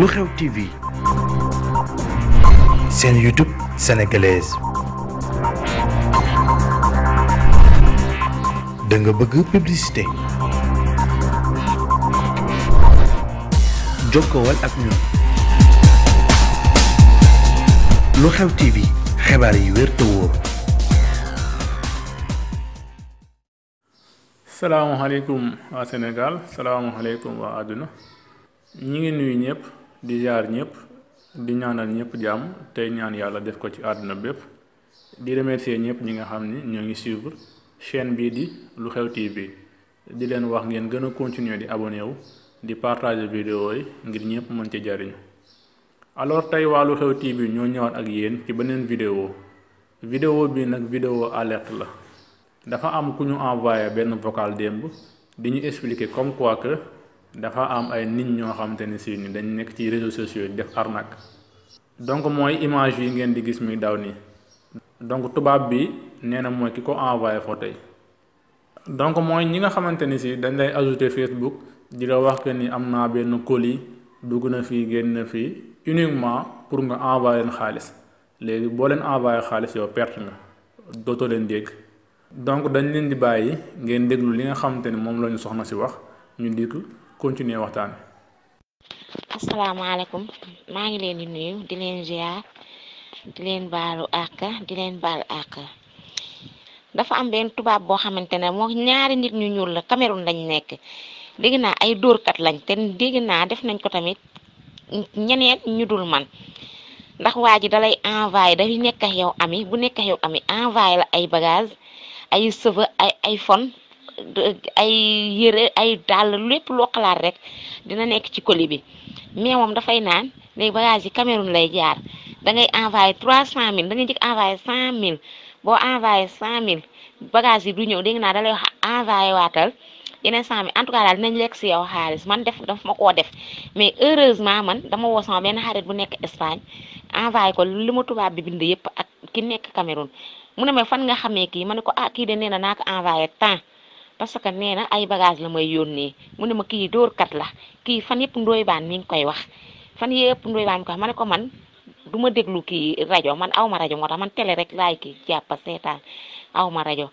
lu xew TV seen YouTube sénégalaise da bëgg publicité jokkowal ak ñun lu xew TV xibaar yi wér te wóor. salaamaaleykum waa Sénégal salaamaaleykum waa àdduna ñi ngi nuyu ñëpp. di jaar ñëpp di ñaanal ñëpp jàmm tey ñaan yàlla def ko ci àdduna bépp di remercier ñëpp ñi nga xam ni ñoo ngi suivre chaîne bii di lu xew TV di leen wax ngeen gën a continuer di abonné di partage vidéo yi ngir ñëpp mën ci jariñu alors tey waa lu xew TV ñoo ñëwaat ak yéen ci beneen vidéo vidéo bii nag vidéo alerte la dafa am ku ñu envoyé benn vocal démb di ñu expliquer comme quoi que dafa am ay nit ñoo xamante ni si ni dañ nekk ci réseaux sociaux yi def arnaque donc mooy image yi ngeen di gis muy daw nii donc tubaab bi nee na mooy ki ko envoyé photo yi donc mooy ñi nga xamante ni si dañ lay ajouté Facebook di la wax que ni am naa benn colis dugg na fii génn na fii uniquement pour nga envoyé leen xaalis léegi boo leen envoyé xaalis yow perte nga dootoo leen dégg donc dañ leen di bàyyi ngeen déglu li nga xamante ni moom lañu soxna si wax continuer waxtaan asalaamaaleykum maa ngi leen di nuyu di leen ziar di leen baalu àq di leen baal àq dafa am benn tubaab boo xamante ne moo ñaari nit ñu ñuul la Cameroun lañ nekk dégg naa ay dóorkat lañ te dégg naa def nañ ko tamit ñeneen ñu dul man ndax waa ji dalay envoyé dafay nekk ak yow ami bu nekk ak yow ami envoyé la ay bagage ay cheveux ay fon ay yére ay dàll lépp loo xalaat rek dina nekk ci colis bi mais moom dafay naan léegi bagage yi Cameroun lay jaar da ngay envoyé trois cent mille da ngay njëkk envoyé cent milles bo envoyé cent mille bagage yi du ñëw dégg naa da lay wax waatal yeneen cent mille en tout cas daal dinañ si yow xaalis man def daf ma koo def mais heureusement man dama woo sama benn xarit bu nekk Espagne envoyé ko li ma tubaab bi bind yëpp ak ki nekk Cameroun mu ne ma fan nga xamee kii ma ne ko ah kii de na naa ko envoyé temps parce que nee na ay bagage la may yónnee mu ne ma kii kat la kii fan yëpp ndooy baan mi ngi koy wax fan yëpp ndooy baan mi koy wax ma ne ko man du ma déglu kii rajo man awma rajo moo tax man télé rek laay kii jàppa seetaan awma rajo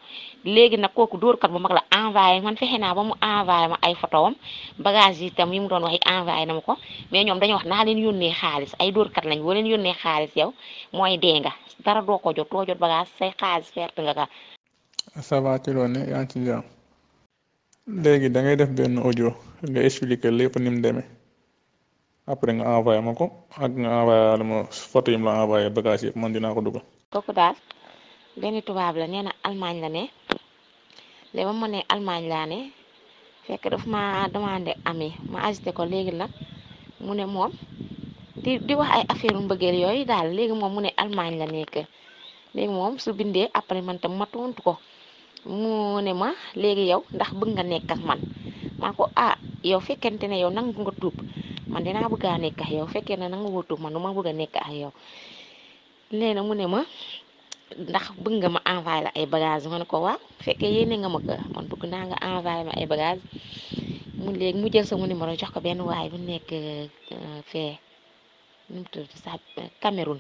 léegi nag kooku dóorkat bu mag la envoyé man fexe naa ba mu envoyé ma ay photo am bagage yi tam yi mu doon wax yi envoyé na ma ko mais ñoom dañoo wax naa leen yónnee xaalis ay dóorkat lañ boo leen yónnee xaalis yow mooy dee nga dara doo ko jot doo jot bagage say xaalis perte nga ka ça léegi da ngay def benn audio nga expliquer lépp ni mu après nga envoyé ma ko ak nga envoyé bagage yëpp man ko dugal. kooku daal benn tubaab la nee na Allemagne la ne léegi ba mu ne laa ne fekk daf ma demandé ami ma agité ko léegi nag mu ne moom di di wax ay affaire mbëggeel yooyu daal léegi moom mu ne Allemagne la nekk léegi moom su bindee après man tam ma tontu ko. mu ne ma léegi yow ndax bëgg nga nekk ak man maa ko ah, yow fekkente ne yow nangu man dinaa bëgg a nekk ak yow fekkee ne nangu nga tuub man du ma bëgg a nekk ak yow léegi mu ne ma ndax bëgg nga ma envoyé la ay bagage man ko waaw feke yéene nga ma ko man bëgg naa nga ma ay bagage mu léegi mu jël sama numéro jox ko benn waay bu nekk euh, fee nu mu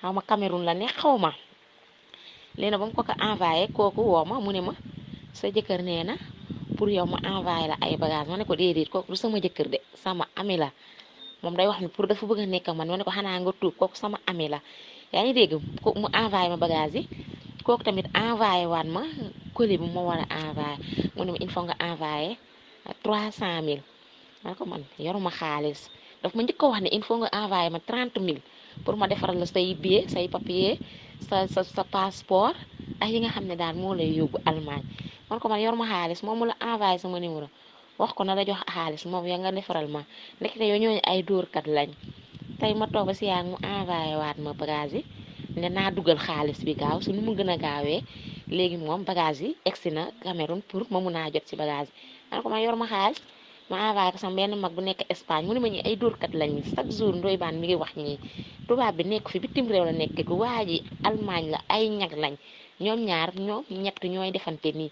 xaw ma Cameroun la ne xaw ma nee na ba ko envoyé kooku woo ma mu ne ma sa jëkkër nee na pour yow ma envoyé la ay bagage ma ne ko déedéet kooku du sama jëkkër de sama ami la moom day wax ne pour dafa bëgg a nekk man ma ne ko xanaa nga tuub kooku sama ami la yaa ngi dégg mu envoyé ma bagage yi kooku tamit envoyé waan ma colis bi ma war a envoyé mu ne ma il faut nga envoyé 300000 ma ne ko man yoruma xaalis daf ma njëkk wax ne il faut nga envoyé ma mille pour ma defaral la say billet say papier. sa sa sa passeport ak yi nga xam ne daal moo lay yóbbu Allemagne man ko man yor ma xaalis moom mu la envoyé sama numéro wax ko na la jox xaalis moom ya nga defaral ma léegi te yoo ñooñu ay dóorkat lañ tey ma toog ba si yaag mu envoyé waat ma bagage yi ne naa dugal xaalis bi gaaw su nu mu gën a gaawee léegi moom bagage yi egsi na Cameroun pour ma mun naa jot si bagage yi man ko man yor xaalis ma envoyé ko sama benn mag bu nekk Espagne mu ne ma ñi ay dóorkat lañu chaque jour Ndoye Bane mi ngi wax ñii tubaab bi nekk fi bitim réew la nekk ku waa ji Allemagne la ay ñag lañ ñoom ñaar ñoom ñett ñooy defante nii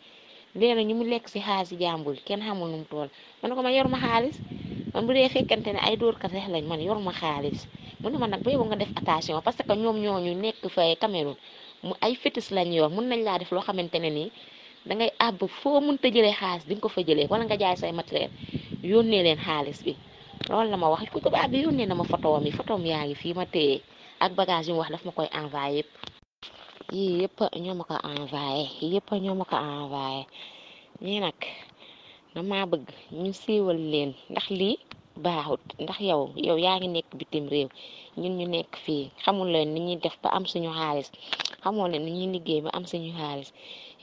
nee na ñu mu nekk si xaalis jàmbur kenn xamul nu mu tool man ko ma yor ma xaalis man bu dee fekkante ne ay dóorkat rek lañ man yor ma xaalis mu ne ma nag boobu nga def attention parce que ñoom ñoo ñu nekk fa Cameroun mu ay fétis lañ yor mun nañ laa def loo xamante ne nii da ngay àbb foo mun mënta jëlee xaalis di nga ko fa jëlee wala nga jaay say matériel yónnee leen xaalis bi loolu la ma wax ku tubaab bi yónnee na ma photo mi photo mi yaa ngi fii ma téye ak bagage yi wax daf ma koy envoyé yépp yii yëpp ñoo ma ko envoyé yépp ñoo ma ko envoyé ñii nag dama bëgg ñu siiwal leen ndax lii baaxut ndax yow yow yaa ngi nekk bitim réew ñun ñu nekk fii xamul leen ni ñuy def ba am suñu xaalis xamoo leen ni ñuy liggéey ba am suñu xaalis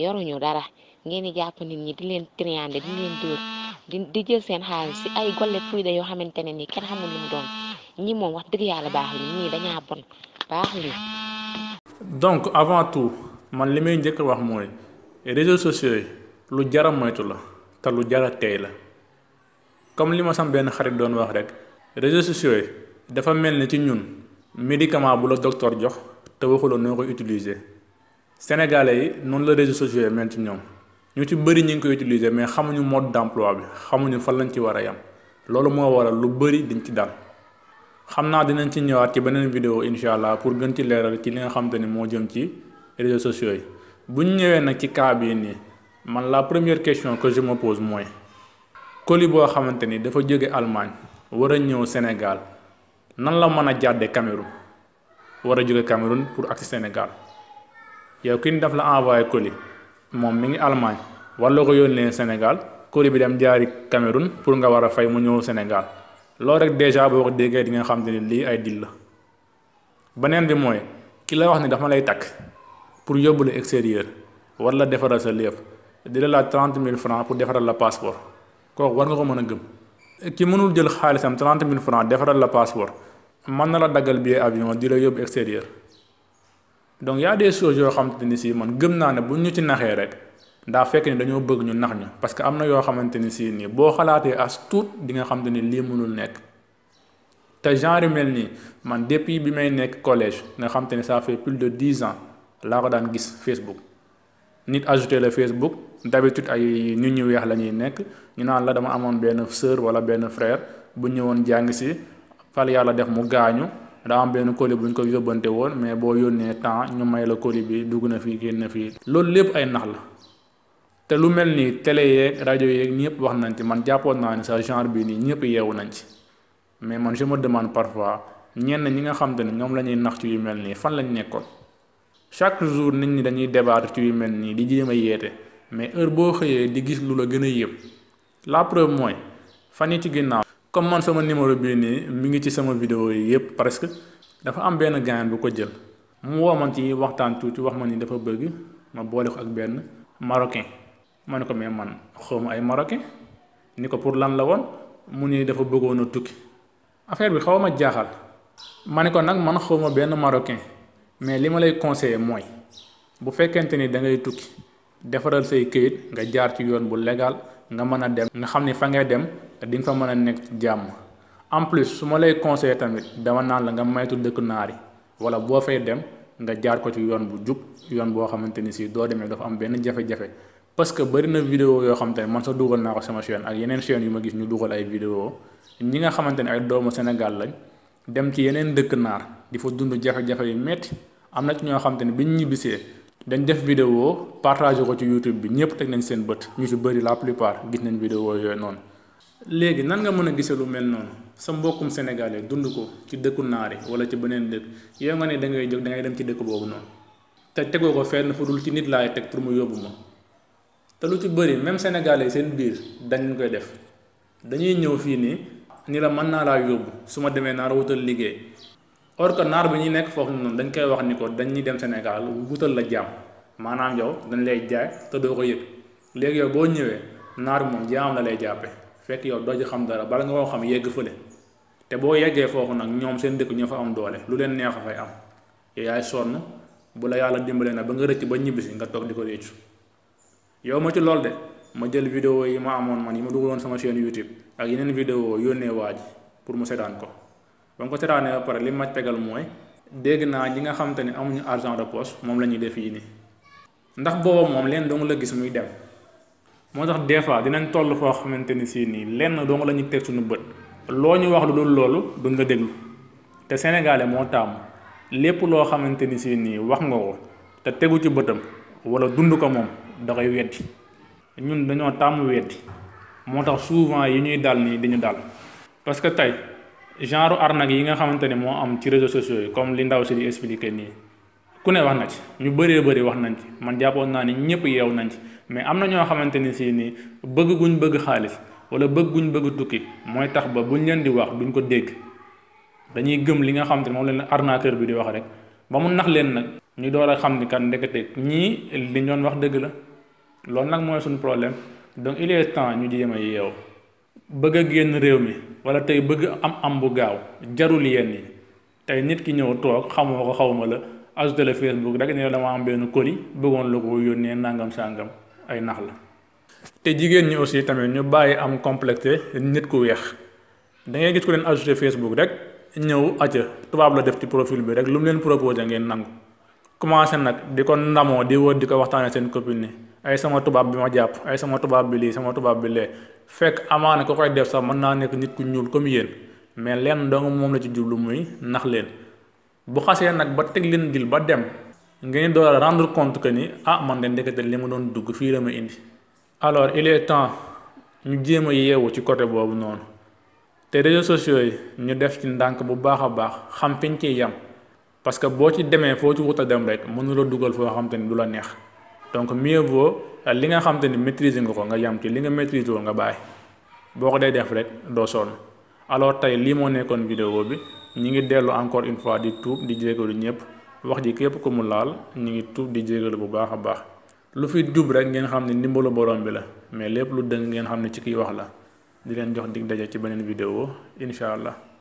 yoruñu dara ngeen di jàpp nit ñi di leen triander di leen dóor di di jël seen xaalis si ay golle puy da yoo xamante ne nii kenn xamul lu mu doon ñi moom wax dëgg yàlla baax li ñii dañaa bon baax li donc avant tout man li may njëkk wax mooy réseaux sociaux yi lu jara moytu la te lu jara tey la comme li ma sam benn xarit doon wax rek réseaux sociaux yi dafa mel ni ci ñun médicament bu la docteur jox te waxuloo noo koy utiliser sénégalais yi noonu la réseaux sociaux yi mel ñu ci bëri ñu ngi koy utiliser mais xamuñu mode demplois bi xamuñu fan lañ ci war a yam loolu moo waral lu bëri dañ ci dal xam naa dinañ ci ñëwaat ci beneen vidéo incha allah pour gën ci leeral ci li nga xam te ni moo jëm ci réseaux sociaux yi buñ ñëwee nag ci cas bii nii man la première question que je mooy colis boo xamante ni dafa jóge Allemagne war a ñëw Sénégal nan la mën a jàdde Cameroun war a jóge Cameroun pour agsi Sénégal yow ki ñu daf la envoyé colis. moom mi ngi Allemagne wala ko yónnee Sénégal courrier bi dem jaari Cameroun pour nga war a fay mu ñëw Sénégal loolu rek dèjà boo ko déggee di nga xam te ne lii ay dil la beneen bi mooy ki la wax ne dafa lay takk pour yóbbu la extérieur war la defaral sa lépp di la laaj trente mille francs pour defaral la passeport kooku war nga ko mën a gëm. ki mënul jël xaalisam trente mille francs defaral la passeport mën na la daggal billet avion di la yóbbu extérieur. donc y a des choses yoo xamante ni si man gëm naa ne bu ñu ci naxee rek ndaa fekk ni dañoo bëgg ñu nax ñu parce que am na yoo xamante ni si nii boo xalaatee as tuut di nga xam te ni lii mënul nekk te genre mel nii man depuis bi may nekk collège nga xam te ni ça fait plus de dix ans laa ko daan gis Facebook nit ajouté la Facebook d'habitude ay nit ñu weex la ñuy nekk ñu naan la dama amoon benn sœur wala benn frère bu ñëwoon jàng si fal yàlla def mu gaañu daa am benn colis bu ñu ko yóbbante woon mais boo yónnee temps ñu may la colis bi dugg na fii génn na fii loolu lépp ay nax la te lu mel ni télé yeeg rajo yeeg ñëpp wax nañ ci man jàppoon naa ne sa genre bii nii ñëpp yeewu nañ ci mais man je me demande parfois ñenn ñi nga xam te ne ñoom la ñuy nax ci yu mel nii fan lañ nekkoon chaque jour nit ñi dañuy débattre ci yu mel nii di jéem a yeete mais heure boo xëyee di gis lu la gën a yéem la preuve mooy fan yi ci ginnaaw. comme man sama numéro bii nii mu ngi ci sama vidéo yi yëpp presque dafa am benn gaañ bu ko jël mu woo man ci waxtaan tuuti wax ma ni dafa bëgg ma boole ko ak benn marocain ma ne ko mais man ma ay marocain ni ko pour lan la woon mu nii dafa bëggoon a tukki affaire bi xaw ma jaaxal ma ne ko nag man xaw ma benn marocain mais li ma lay conseiller mooy bu fekkente ni da ngay tukki defaral say këyit nga jaar ci yoon bu legal nga mën a dem nga xam ni fa ngay dem. te di nga fa mën a nekk jàmm en plus su ma lay conseillé tamit dama naan la nga maytu dëkk naar yi wala boo fay dem nga jaar ko ci yoon bu jub yoon boo xamante ni si doo demee dafa am benn jafe-jafe parce que bëri na vidéo yoo xamante ne man sa dugal naa ko sama chaîne ak yeneen chaîne yu ma gis ñu dugal ay vidéo ñi nga xamante ne ay doomu Sénégal lañ dem ci yeneen dëkk naar di fa dund jafe-jafe yu metti am na ci ñoo xamante ne biñ ñibbisee dañ def vidéo partagé ko ci bi ñëpp teg nañ seen bët ñu ci bëri la plupart gis nañ vidéo yooyu noonu léegi nan nga mën a gise lu mel noonu sa mbokkum sénégalais dund ko ci dëkku naari wala ci beneen dëkk yow nga ne da ngay jóg dangay dem ci dëkk boobu noonu te tegoo ko fenn fu dul ci nit laay teg pour mu yóbbu ma te lu ci bëri même sénégalais seen biir dañ koy def dañuy ñëw fii nii ni la mën naa laa yóbbu su ma demee naar wutal liggéey or que naar bi ñuy nekk foofu noonu dañ koy wax ni ko dañuy dem Sénégal wutal la jàmm maanaam yow dañ lay jaay te doo ko yëg boo ñëwee naar moom la lay jàppee. fekk yow doo ci xam dara bala nga koo xam yegg fële te boo yeggee foofu nag ñoom seen dëkk ñoo fa am doole lu leen neex a fay am yow yaay sonn bu la yàlla dimbalee nag ba nga rëcc ba ñibbisi nga toog di ko réccu yow ma ci lool de ma jël vidéo yi ma amoon man yi ma dugaloon sama chaîne YouTube ak yeneen vidéo yónnee waa ji pour mu seetaan ko ba nga ko seetaanee ba pare li ma tegal mooy dégg naa ñi nga xam te ne amuñu argent de poche moom la ñuy def yi nii ndax booba moom leen dong la gis muy dem. moo tax des fois dinañ toll foo xamante ni si nii lenn dong la ñuy teg suñu bët loo ñu wax lu dul loolu du nga déglu te sénégalais moo taamu lépp loo xamante ni si nii wax nga ko te tegu ci bëtam wala dund ko moom da koy weddi ñun dañoo taamu weddi moo tax souvent yi ñuy dal nii di ñu dal parce que tey genre arnaque yi nga xamante ni moo am ci réseaux sociaux yi comme li ndaw si di expliqué nii ku ne wax na ci ñu bëree bëri wax nañ ci man jàppoon naa ni ñëpp yeew nañ ci mais am na ñoo xamante ni si nii bëgg guñ bëgg xaalis wala bëgg guñ bëgg tukki mooy tax ba buñ leen di wax duñ ko dégg dañuy gëm li nga xamante te moom leen arnaqueur bi di wax rek ba mu nax leen nag ñu door a xam ni kan ndekete ñii li ñu doon wax dëgg la lool nag mooy suñu problème donc il est temps ñu jéem a yeew bëgg a génn réew mi wala tey bëgg am am bu gaaw jarul yenn yi tey nit ki ñëw toog xamoo ko xawma la ajouté la Facebook rek nee dama am benn colis bëggoon la ko yónnee nangam sangam ay nax la. te jigéen ñi aussi tamit ñu bàyyi am complexe nit ku weex dangay gis ku leen ajouté Facebook rek ñëw acca tubaab la def ci profil bi rek lu mu leen proposé ngeen nangu commencé nag di ko ndamoo di wër di ko waxtaanee seen copine ni ay sama tubaab bi ma jàpp ay sama tubaab bi lii sama tubaab bi lee fekk amaana ko koy def sax mën naa nekk nit ku ñuul comme yéen mais lenn dong moom la ci jublu muy nax leen. bu xasee nag ba teg leen gil ba dem ngeen door a rendre compte que ni ah man de ndekete li ma doon dugg fii la ma indi alors il est temps ñu jéem a yeewu ci côté boobu noonu te réseaux sociaux yi ñu def ci ndànk bu baax a baax xam fiñ ciy yam parce que boo ci demee foo ci wut a dem rek mënu la dugal foo xam te ni du la neex donc mieux vaut li nga xam te ni maîtriser nga ko nga yam ci li nga maîtriser woo nga bàyyi boo ko dee def rek doo sonn alors tey lii moo nekkoon vidéo bi ñi ngi dellu encore une fois di tuub di jégalu ñëpp wax ji képp ko mu laal ñi ngi tuub di jégalu bu baax a baax lu fi jub rek ngeen xam ne ndimbalu borom bi la mais lépp lu dëng ngeen xam ne ci kiy wax la di leen jox dig daje ci beneen vidéo incha allah